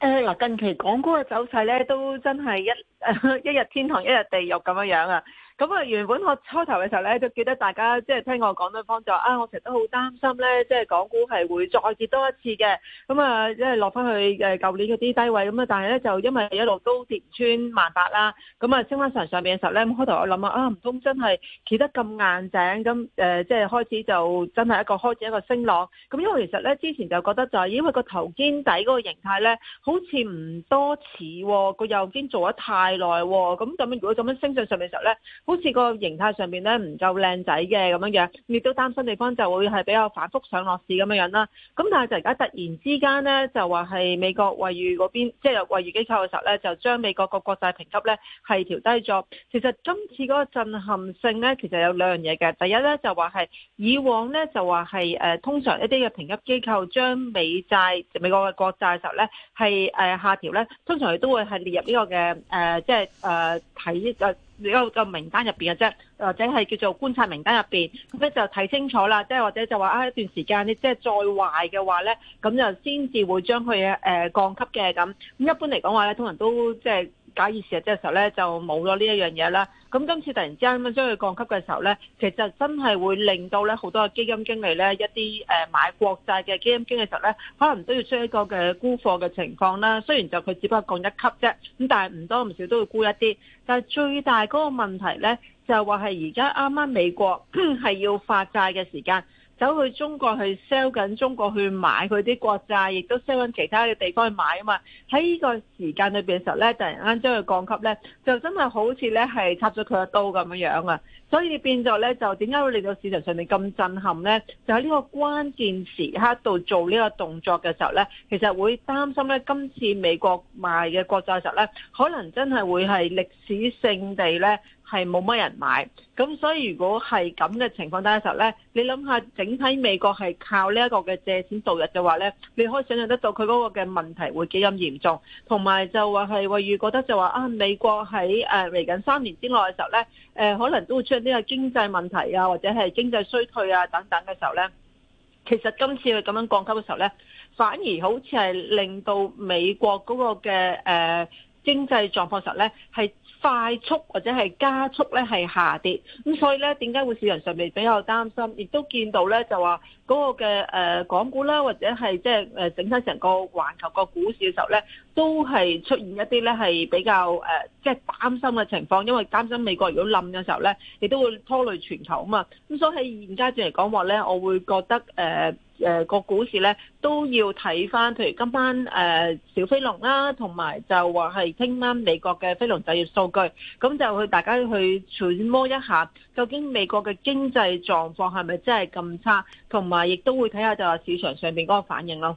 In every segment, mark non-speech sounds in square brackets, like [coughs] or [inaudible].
誒，嗱近期港股嘅走勢咧，都真係一誒一日天堂一日地獄咁樣樣啊！咁啊，原本我開頭嘅時候咧，就記得大家即係、就是、聽我講對方就啊，我成日都好擔心咧，即、就、係、是、港股係會再跌多一次嘅。咁啊，即係落翻去誒舊年嗰啲低位咁啊，但係咧就因為一路都跌穿萬八啦，咁啊升翻上，上上面嘅時候咧，開開頭我諗啊，啊唔通真係企得咁硬整硬淨咁誒，即係、呃就是、開始就真係一個開始一個升浪。咁因為其實咧之前就覺得就係，因為個頭肩底嗰個形態咧，好似唔多似、哦，個右肩做咗太耐喎、哦。咁咁樣如果咁樣升上上面嘅時候咧，好似個形態上面咧唔夠靚仔嘅咁樣樣，亦都擔心地方就會係比較反覆上落市咁樣樣啦。咁但係就而家突然之間咧，就話、是、係美國惠譽嗰邊，即係惠譽機構嘅時候咧，就將美國個國債評級咧係調低咗。其實今次嗰個震撼性咧，其實有兩樣嘢嘅。第一咧就話係以往咧就話係通常一啲嘅評級機構將美債美國嘅國債嘅時候咧係下調咧，通常佢都會係列入呢、這個嘅誒即係睇。體誒。呃有個名單入邊嘅啫，或者係叫做觀察名單入邊，咁咧就睇清楚啦。即係或者就話啊一段時間你即係再壞嘅話咧，咁就先至會將佢誒降級嘅，咁。咁一般嚟講話咧，通常都即係。假熱市嘅時候咧，就冇咗呢一樣嘢啦。咁今次突然之間將佢降級嘅時候咧，其實真係會令到咧好多嘅基金經理咧，一啲誒買國債嘅基金經理時候咧，可能都要出一個嘅沽貨嘅情況啦。雖然就佢只不過降一級啫，咁但係唔多唔少都會沽一啲。但係最大嗰個問題咧，就係話係而家啱啱美國係 [coughs] 要發債嘅時間。走去中國去 sell 緊中國去買佢啲國債，亦都 sell 緊其他嘅地方去買啊嘛。喺呢個時間裏面嘅時候咧，突然間將佢降級咧，就真係好似咧係插咗佢嘅刀咁樣樣啊。所以變咗咧，就點解會令到市場上面咁震撼咧？就喺呢個關鍵時刻度做呢個動作嘅時候咧，其實會擔心咧，今次美國賣嘅國債嘅時候咧，可能真係會係歷史性地咧。係冇乜人買，咁所以如果係咁嘅情況底下嘅時候呢，你諗下整體美國係靠呢一個嘅借錢度日嘅話呢，你可以想象得到佢嗰個嘅問題會幾咁嚴重，同埋就話係慧芬覺得就話啊，美國喺誒嚟緊三年之內嘅時候呢，誒、啊、可能都會出現呢個嘅經濟問題啊，或者係經濟衰退啊等等嘅時候呢，其實今次佢咁樣降級嘅時候呢，反而好似係令到美國嗰個嘅誒。啊經濟狀況時候咧係快速或者係加速咧係下跌，咁所以咧點解會市場上面比較擔心？亦都見到咧就話嗰個嘅誒、呃、港股啦，或者係即係誒整體成個環球個股市嘅時候咧，都係出現一啲咧係比較誒即係擔心嘅情況，因為擔心美國如果冧嘅時候咧，亦都會拖累全球啊嘛。咁所以喺現階段嚟講話咧，我會覺得誒。呃誒個股市咧都要睇返，譬如今晚誒、呃、小飛龍啦，同埋就話係聽晚美國嘅飛龍就業數據，咁就去大家去揣摩一下，究竟美國嘅經濟狀況係咪真係咁差，同埋亦都會睇下就話市場上嗰個反應咯。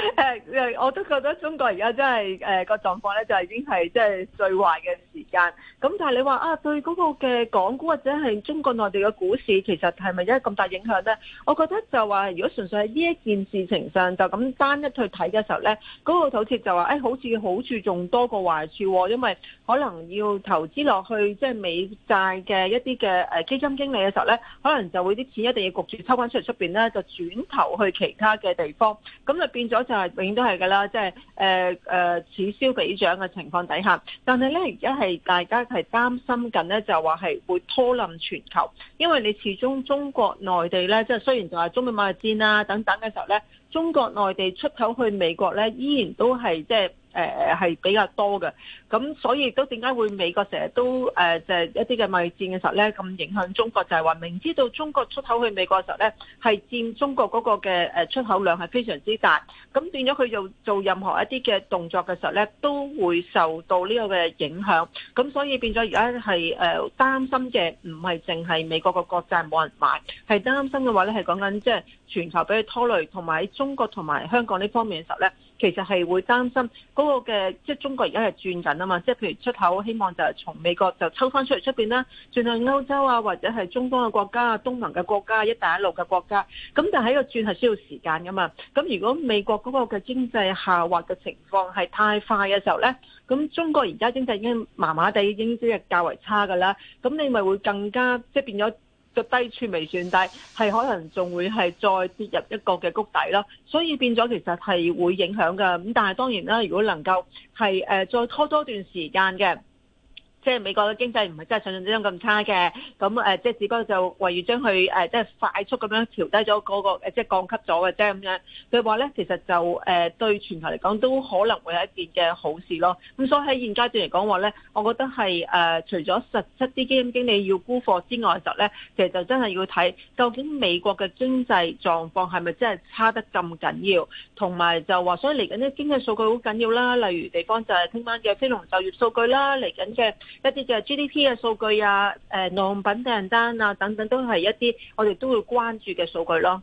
[music] 我都覺得中國而家真係誒個狀況咧，就係已經係即係最壞嘅時間。咁但係你話啊，對嗰個嘅港股或者係中國內地嘅股市，其實係咪有咁大影響咧？我覺得就話如果純粹喺呢一件事情上就咁單一去睇嘅時候咧，嗰、那個透徹就話誒、哎，好似好處仲多過壞處、哦，因為可能要投資落去即係、就是、美債嘅一啲嘅誒基金經理嘅時候咧，可能就會啲錢一定要焗住抽翻出嚟出邊咧，就轉頭去其他嘅地方。咁就變咗就係永遠都係㗎啦，即係誒誒此消彼長嘅情況底下，但係咧而家係大家係擔心緊咧，就話係會拖冧全球，因為你始終中國內地咧，即係雖然就係中美貿易戰啊，等等嘅時候咧，中國內地出口去美國咧，依然都係即係。誒係、呃、比較多嘅，咁所以都點解會美國成日都誒、呃、就係、一啲嘅貿易戰嘅時候咧，咁影響中國就係、是、話明知道中國出口去美國嘅時候咧，係佔中國嗰個嘅出口量係非常之大，咁變咗佢就做任何一啲嘅動作嘅時候咧，都會受到呢個嘅影響。咁所以變咗而家係誒擔心嘅，唔係淨係美國個國債冇人買，係擔心嘅話咧，係講緊即係全球俾佢拖累，同埋喺中國同埋香港呢方面嘅時候咧。其實係會擔心嗰個嘅，即係中國而家係轉緊啊嘛，即係譬如出口希望就係從美國就抽翻出嚟出邊啦，轉向歐洲啊，或者係中東嘅國家啊，東盟嘅國家、一帶一路嘅國家。咁但係喺個轉係需要時間噶嘛。咁如果美國嗰個嘅經濟下滑嘅情況係太快嘅時候咧，咁中國而家經濟已經麻麻地，已經即係較為差噶啦。咁你咪會更加即係變咗。個低處未算低，係可能仲會係再跌入一個嘅谷底囉，所以變咗其實係會影響㗎。咁但係當然啦，如果能夠係誒再拖多段時間嘅。即係美國嘅經濟唔係真係想像之中咁差嘅，咁誒即係只不過就為要將佢誒即係快速咁樣調低咗嗰、那個即係、就是、降級咗嘅啫咁樣。佢話咧其實就誒對全球嚟講都可能會有一件嘅好事咯。咁所以喺現階段嚟講話咧，我覺得係誒除咗實質啲基金經理要沽貨之外就咧，其實就真係要睇究竟美國嘅經濟狀況係咪真係差得咁緊要，同埋就話所以嚟緊啲經濟數據好緊要啦，例如地方就係聽晚嘅非農就業數據啦，嚟緊嘅。一啲就係 GDP 嘅數據啊，耐用品訂單啊等等，都係一啲我哋都會關注嘅數據咯。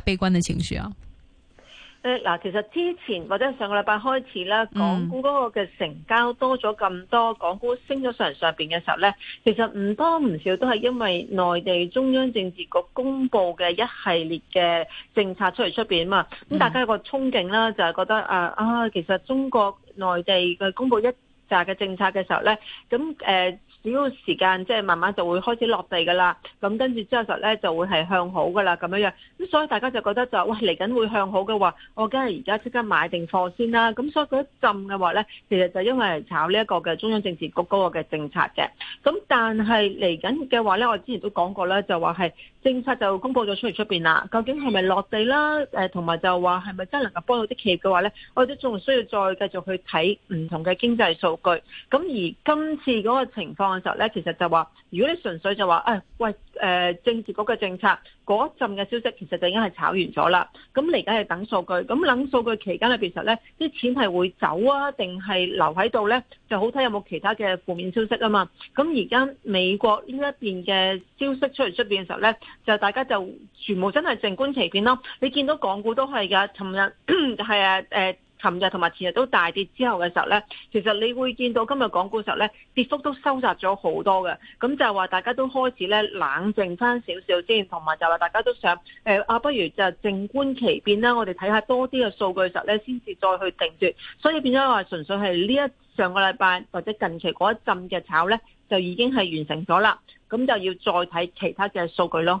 悲觀嘅情緒啊、哦。誒，嗱，其實之前或者上個禮拜開始啦，港股嗰個嘅成交多咗咁多，港股升咗上來上面嘅時候咧，其實唔多唔少都係因為內地中央政治局公布嘅一系列嘅政策出嚟出面嘛，咁大家有一個憧憬啦，就係、是、覺得啊啊，其實中國內地嘅公布一紮嘅政策嘅時候咧，咁誒。呃只要時間即係慢慢就會開始落地㗎啦，咁跟住之後就咧就會係向好㗎啦咁樣樣，咁所以大家就覺得就喂，嚟緊會向好嘅話，我梗係而家即刻買定貨先啦。咁所以嗰一陣嘅話咧，其實就因為炒呢一個嘅中央政治局嗰個嘅政策嘅，咁但係嚟緊嘅話咧，我之前都講過啦，就話係政策就公佈咗出嚟出面啦，究竟係咪落地啦？誒同埋就話係咪真係能夠幫到啲企業嘅話咧，我哋都仲需要再繼續去睇唔同嘅經濟數據。咁而今次嗰個情況嘅時候咧，其實就話，如果你純粹就話、哎，喂、呃，政治局嘅政策嗰陣嘅消息，其實就已經係炒完咗啦。咁嚟緊係等數據，咁等數據期間咧，其實咧啲錢係會走啊，定係留喺度咧，就好睇有冇其他嘅負面消息啊嘛。咁而家美國呢一邊嘅消息出嚟出邊嘅時候咧，就大家就全部真係靜觀其變咯。你見到港股都係噶，尋日 [coughs] 係啊，呃琴日同埋前日都大跌之後嘅時候咧，其實你會見到今日港股嘅時候咧，跌幅都收窄咗好多嘅，咁就係話大家都開始咧冷靜翻少少先，同埋就話大家都想誒啊、呃，不如就靜觀其變啦。我哋睇下多啲嘅數據嘅時候咧，先至再去定奪。所以變咗話純粹係呢一上個禮拜或者近期嗰一陣嘅炒咧，就已經係完成咗啦。咁就要再睇其他嘅數據咯。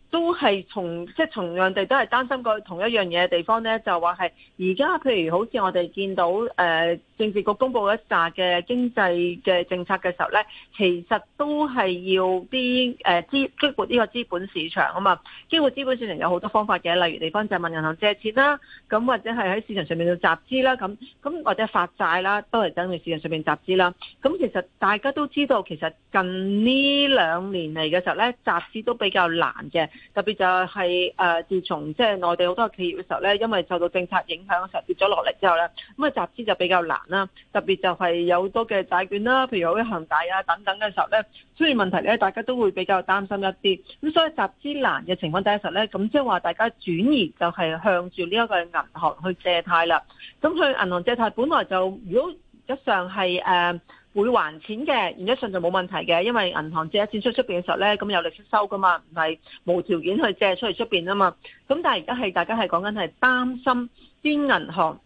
都係從即係同樣地都係擔心過同一樣嘢嘅地方咧，就話係而家譬如好似我哋見到誒、呃、政治局公布一紮嘅經濟嘅政策嘅時候咧，其實都係要啲誒資激活呢個資本市場啊嘛。激活資本市場有好多方法嘅，例如地方就問銀行借錢啦，咁或者係喺市場上面度集資啦，咁咁或者發債啦，都係等於市場上面集資啦。咁其實大家都知道，其實近呢兩年嚟嘅時候咧，集資都比較難嘅。特別就係、是、誒、呃，自從即係內地好多企業嘅時候咧，因為受到政策影響嘅時候跌咗落嚟之後咧，咁、那、啊、個、集資就比較難啦、啊。特別就係有好多嘅債券啦、啊，譬如有啲恒大啊等等嘅時候咧，出現問題咧，大家都會比較擔心一啲。咁所以集資難嘅情況底下實咧，咁即係話大家轉移就係向住呢一個銀行去借貸啦。咁去銀行借貸本來就如果一上係誒。呃會還錢嘅，原則上就冇問題嘅，因為銀行借一錢出去出邊嘅時候咧，咁有利息收噶嘛，唔係無條件去借出去出邊啊嘛。咁但係而家係大家係講緊係擔心啲銀行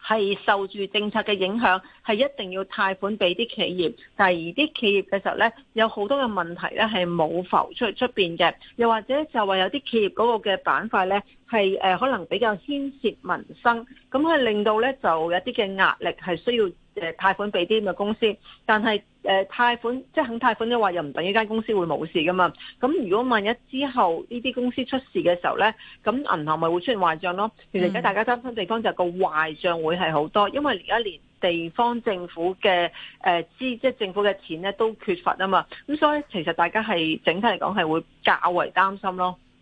係受住政策嘅影響，係一定要貸款俾啲企業，但係而啲企業嘅時候咧，有好多嘅問題咧係冇浮出去出邊嘅，又或者就話有啲企業嗰個嘅板塊咧係誒可能比較牽涉民生，咁係令到咧就有啲嘅壓力係需要。誒、呃、貸款俾啲咁嘅公司，但係誒、呃、貸款即係肯貸款嘅話，又唔等於呢間公司會冇事噶嘛？咁如果萬一之後呢啲公司出事嘅時候咧，咁銀行咪會出現壞帳咯？其實而家大家擔心地方就係個壞帳會係好多，因為而家連地方政府嘅誒、呃、資即係政府嘅錢咧都缺乏啊嘛，咁所以其實大家係整體嚟講係會較為擔心咯。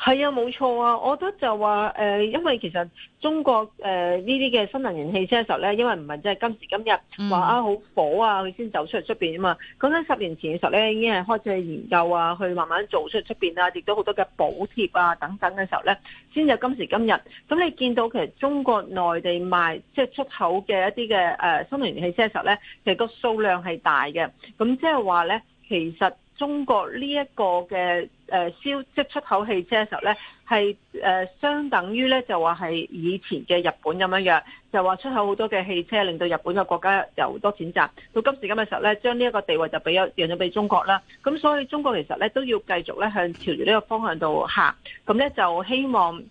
係啊，冇錯啊！我覺得就話誒、呃，因為其實中國誒呢啲嘅新能源汽車嘅時候咧，因為唔係即係今時今日話啊好火啊，佢先走出出邊啊嘛。講緊十年前嘅時候咧，已經係開始研究啊，去慢慢做出出邊啊，亦都好多嘅補貼啊等等嘅時候咧，先至今時今日。咁你見到其實中國內地賣即係、就是、出口嘅一啲嘅誒新能源汽車嘅時候咧，其實個數量係大嘅。咁即係話咧，其實中國呢一個嘅。誒銷、呃、即出口汽車嘅時候咧，係誒、呃、相等於咧就話係以前嘅日本咁樣樣，就話出口好多嘅汽車，令到日本嘅國家有好多錢賺。到今時今日時候咧，將呢一個地位就俾咗讓咗俾中國啦。咁所以中國其實咧都要繼續咧向潮流呢個方向度行。咁咧就希望誒、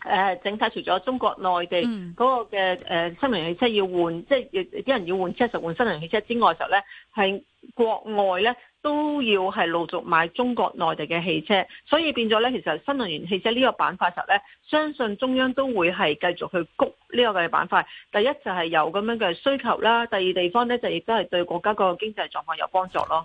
呃、整體除咗中國內地嗰個嘅誒、嗯呃、新能源汽車要換，即係啲人要換車就換新能源汽車之外嘅時候咧，係國外咧，都要係陸續買中國內地嘅汽車，所以變咗呢。其實新能源汽車呢個板塊實呢，相信中央都會係繼續去谷呢個嘅板塊。第一就係有咁樣嘅需求啦，第二地方呢，就亦都係對國家個經濟狀況有幫助咯。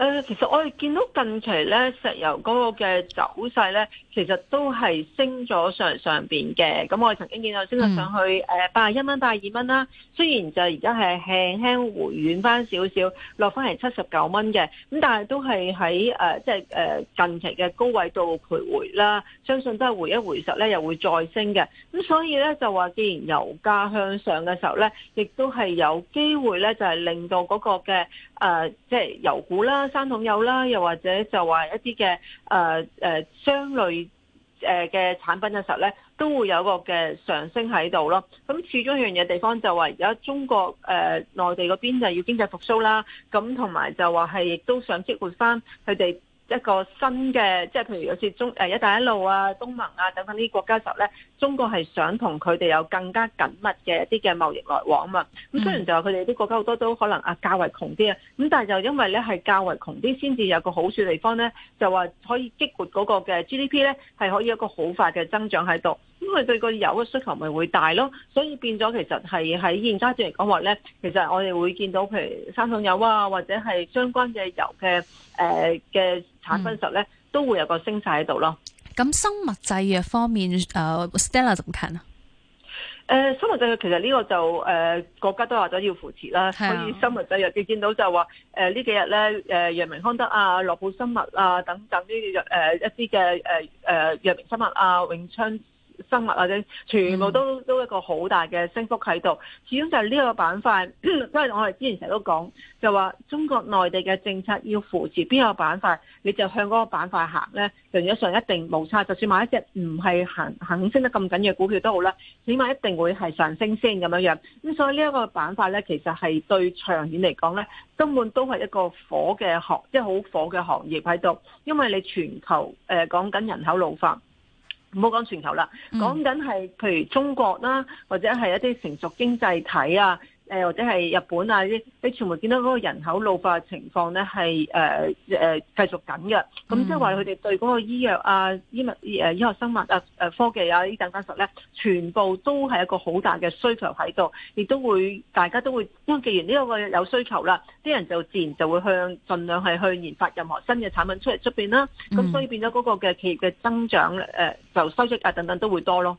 誒、呃，其實我哋見到近期咧石油嗰個嘅走勢咧，其實都係升咗上來上邊嘅。咁我哋曾經見到升咗上去誒八十一蚊、八十二蚊啦。雖然就而家係輕輕回軟翻少少，落翻係七十九蚊嘅。咁但係都係喺即係近期嘅高位度徘徊啦。相信都係回一回實咧，又會再升嘅。咁所以咧就話，既然油價向上嘅時候咧，亦都係有機會咧，就係、是、令到嗰個嘅誒，即、呃、係、就是、油股啦。三桶油啦，又或者就話一啲嘅誒誒相類誒嘅產品嘅時候咧，都會有個嘅上升喺度咯。咁始終有一樣嘢地方就話而家中國誒內、呃、地嗰邊就要經濟復甦啦，咁同埋就話係亦都想激活翻佢哋。一個新嘅，即係譬如好似中一帶一路啊、東盟啊等等啲國家時候咧，中國係想同佢哋有更加緊密嘅一啲嘅貿易來往啊嘛。咁、嗯、雖然就係佢哋啲國家好多都可能啊較為窮啲啊，咁但係就因為咧係較為窮啲，先至有個好處地方咧，就話可以激活嗰個嘅 GDP 咧，係可以有一個好快嘅增長喺度。因為對個油嘅需求咪會大咯，所以變咗其實係喺現階段嚟講話咧，其實我哋會見到譬如生酮油啊，或者係相關嘅油嘅誒嘅產品時候咧，都會有個升勢喺度咯。咁、嗯、生物製藥方面，誒、呃、Stella 點睇啊？誒、呃、生物製藥其實呢個就誒、呃、國家都話咗要扶持啦，啊、所以生物製藥你見到就話誒、呃、呢幾日咧誒藥明康德啊、諾普生物啊等等呢啲藥誒一啲嘅誒誒藥明生物啊、永昌。生物或者全部都都一個好大嘅升幅喺度，始終就係呢個板塊。因為我哋之前成日都講，就話中國內地嘅政策要扶持邊個板塊，你就向嗰個板塊行咧，營養上一定無差。就算買一隻唔係行行升得咁緊嘅股票都好啦，起碼一定會係上升先咁樣樣。咁所以呢一個板塊咧，其實係對長遠嚟講咧，根本都係一個火嘅行，即係好火嘅行業喺度，因為你全球誒、呃、講緊人口老化。唔好講全球啦，講緊係譬如中國啦，或者係一啲成熟經濟體啊。誒或者係日本啊，啲你全部見到嗰個人口老化情況咧，係誒誒繼續緊嘅。咁即係話佢哋對嗰個醫藥啊、醫物醫學生物啊、科技啊呢等級數咧，全部都係一個好大嘅需求喺度，亦都會大家都會，因為既然呢個有需求啦，啲人就自然就會向盡量係去研發任何新嘅產品出嚟出面啦。咁所以變咗嗰個嘅企業嘅增長誒、呃、就收益啊等等都會多咯。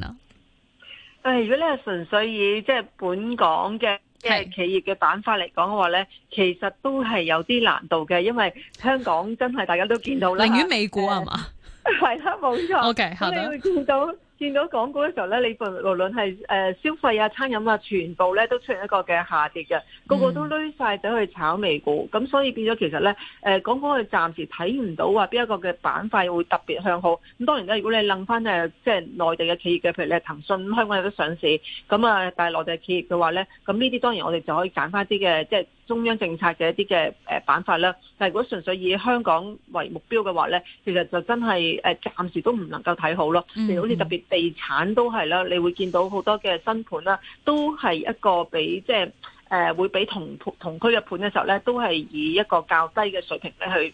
誒，如果你係純粹以即係本港嘅嘅企業嘅板塊嚟講嘅話咧，是其實都係有啲難度嘅，因為香港真係大家都見到啦，寧願美股係嘛，係啦冇錯，O K，你會見到。見到港股嘅時候咧，你無論無論係消費啊、餐飲啊，全部咧都出現一個嘅下跌嘅，嗯、個個都攞晒走去炒美股，咁所以變咗其實咧，誒港股嘅暫時睇唔到話邊一個嘅板塊會特別向好。咁當然咧，如果你係楞翻誒，即係內地嘅企業嘅，譬如你係騰訊，香港有得上市，咁啊，但係內地企業嘅話咧，咁呢啲當然我哋就可以揀翻啲嘅，即係。中央政策嘅一啲嘅誒辦法啦，但係如果純粹以香港為目標嘅話咧，其實就真係誒暫時都唔能夠睇好咯。譬、mm hmm. 如好似特別地產都係啦，你會見到好多嘅新盤啦，都係一個比即係誒、呃、會比同同區嘅盤嘅時候咧，都係以一個較低嘅水平咧去。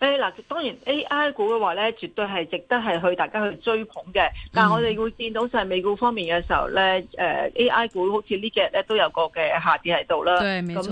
誒，嗱，當然 A.I. 股嘅話咧，絕對係值得係去大家去追捧嘅。但係我哋會見到就係美股方面嘅時候咧，誒、嗯呃、A.I. 股好似呢幾日咧都有個嘅下跌喺度啦。咁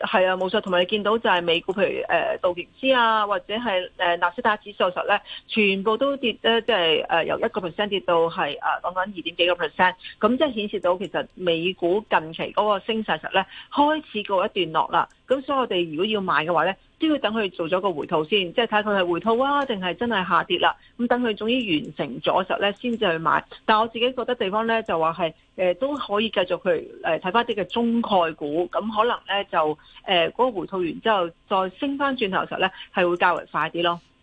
係啊，冇錯。同埋你見到就係美股，譬如誒、呃、道瓊斯啊，或者係誒、呃、納斯達指數實咧，全部都跌咧，即係誒由一個 percent 跌到係誒講緊二點幾個 percent。咁即係顯示到其實美股近期嗰個升勢實咧開始告一段落啦。咁所以我哋如果要買嘅話呢都要等佢做咗個回吐先，即係睇佢係回吐啊，定係真係下跌啦。咁等佢總之完成咗時候呢，先至去買。但我自己覺得地方呢，就話係、呃、都可以繼續去睇翻啲嘅中概股，咁可能呢，就誒嗰、呃嗰個回吐完之後，再升翻轉頭時候呢，係會較為快啲咯。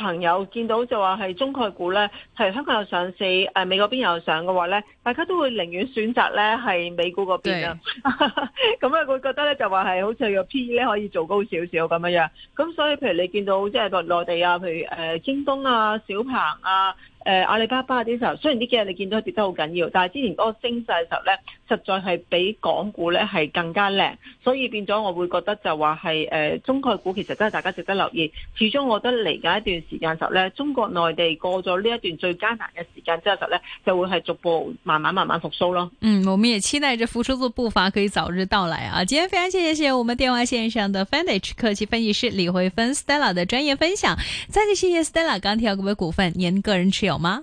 朋友見到就話係中概股咧，係香港有上市，誒美國邊有上嘅話咧，大家都會寧願選擇咧係美股嗰邊啊。咁佢對 [laughs] 會覺得咧就話係好似個 PE 咧可以做高少少咁樣樣。咁所以譬如你見到即係個內地啊，譬如誒、呃、京東啊、小鵬啊、誒、呃、阿里巴巴啲時候，雖然呢幾日你見到跌得好緊要，但係之前嗰個升勢嘅時候咧，實在係比港股咧係更加靚。所以變咗，我會覺得就話係誒中概股其實都係大家值得留意。始終我覺得嚟緊一段時間就咧，中國內地過咗呢一段最艱難嘅時間之後就咧，就會係逐步慢慢慢慢復甦咯。嗯，我哋也期待着復甦嘅步伐可以早日到來啊！今天非常謝謝我們電話線上的 Fantage 科技分析師李慧芬 Stella 的專業分享，再次謝謝 Stella 剛提到股份股份，您個人持有嗎？